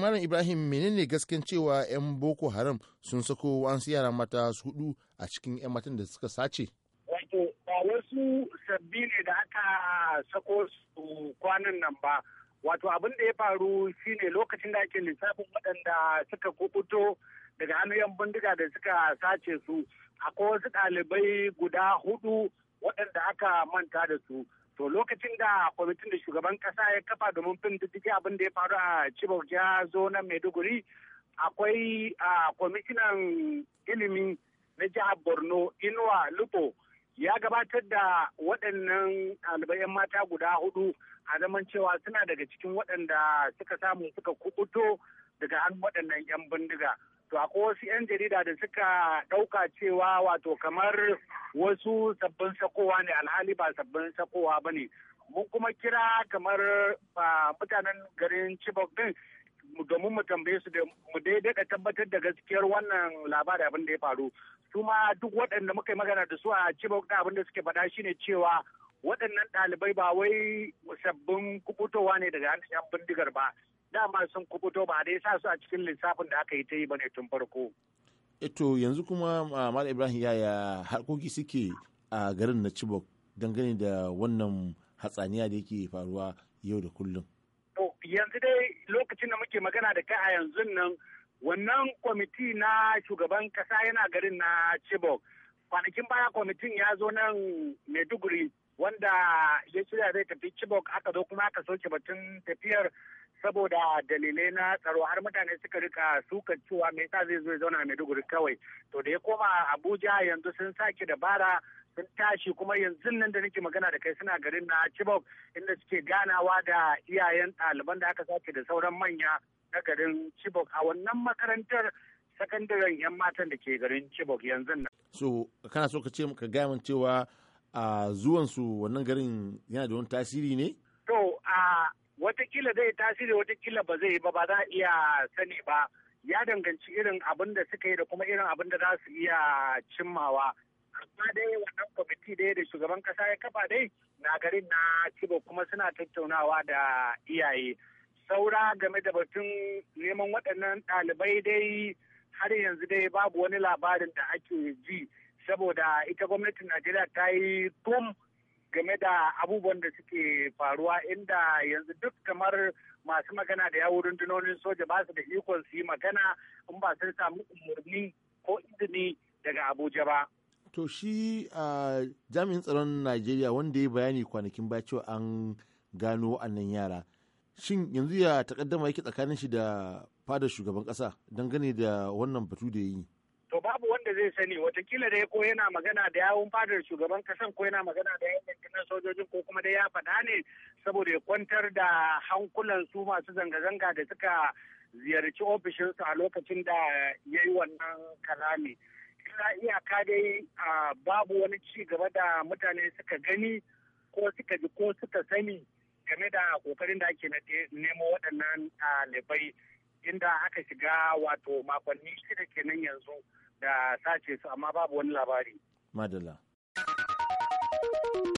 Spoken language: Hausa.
Malam Ibrahim menene gasken cewa 'yan Boko Haram sun sako wasu yara mata su hudu a cikin 'yan matan da suka sace? Wato, ba wasu sabbi ne da aka sako su kwanan nan ba. Wato abin da ya faru shine lokacin da ake lissafin waɗanda suka kubuto daga hannun bindiga da suka sace su. Akwai wasu ɗalibai guda hudu waɗanda aka manta da su. to lokacin da kwamitin da shugaban kasa ya kafa domin fin diddigi abin da ya faru a Chibok ya zo nan Maiduguri akwai kwamitinan ilimi na jihar Borno Inuwa Lupo ya gabatar da waɗannan albayan mata guda hudu a zaman cewa suna daga cikin waɗanda suka samu suka kubuto daga hannun waɗannan 'yan bindiga. to wasu 'yan jarida da suka ɗauka cewa wato kamar wasu sabbin sakowa ne alhali ba sabbin sakowa ba ne mun kuma kira kamar mutanen garin chibok din domin mu tambaye su da mu daidai tabbatar da gaskiyar wannan labarin abin da ya faru su ma duk waɗanda muka yi magana da su a chibok da abin da suke faɗa shine cewa waɗannan ɗalibai ba wai sabbin kukutowa ne daga yan bindigar ba dama sun kubuto ba dai sa su a cikin lissafin da aka yi ta yi bane tun farko. Eto yanzu kuma ah, Mal Ibrahim yaya harkoki suke a garin na Chibok dangane da wannan hatsaniya da yake faruwa yau da kullum. To yanzu dai lokacin da muke magana da kai a yanzu nan wannan kwamiti na shugaban kasa yana garin na Chibok. Kwanakin baya kwamitin ya zo nan Maiduguri wanda ya shirya zai tafi Chibok aka zo kuma aka soke batun tafiyar saboda dalilai na tsaro har mutane suka rika suka cewa me yasa zai zo ya zauna Maiduguri kawai to da ya koma Abuja yanzu sun sake dabara sun tashi kuma yanzu nan da nake magana da kai suna garin na Chibok inda suke ganawa da iyayen ɗaliban da aka sake da sauran manya na garin Chibok a wannan makarantar sakandaren 'yan matan da ke garin Chibok yanzu nan. So kana so ka ce ka gaya min cewa a zuwansu wannan garin yana da wani tasiri ne? watakila zai tasiri watakila ba zai ba ba za a iya sani ba ya danganci irin abin da suka yi da kuma irin abin da za su iya cimmawa amma dai wannan kwamiti dai da shugaban kasa ya kafa dai na garin na kibo kuma suna tattaunawa da iyaye saura game da batun neman waɗannan ɗalibai dai har yanzu dai babu wani labarin da ake ji saboda ita gwamnatin najeriya ta yi tum game da abubuwan da suke faruwa inda yanzu duk kamar masu magana da yawo rundunonin soja ba su da ikon su yi magana in ba sun samu umarni ko izini daga abuja ba to shi a jami'in tsaron najeriya wanda ya bayani kwanakin baya cewa an gano wa'annan yara shin yanzu ya takaddama yake tsakanin shi da fadar shugaban kasa dangane da wannan batu da ya yi babu wanda zai sani watakila da ko yana magana da yawun fadar shugaban kasan ko yana magana da yawon dandinan sojojin ko kuma da ya faɗa ne saboda ya kwantar da hankulan su masu zanga-zanga da suka ziyarci ofishinsu a lokacin da ya yi wannan kalami. Ina iyaka dai babu wani ci gaba da mutane suka gani ko suka ji ko suka sani game da kokarin da ake nemo waɗannan ɗalibai inda aka shiga wato makonni shida kenan yanzu da sace su amma babu wani labari. Madalla.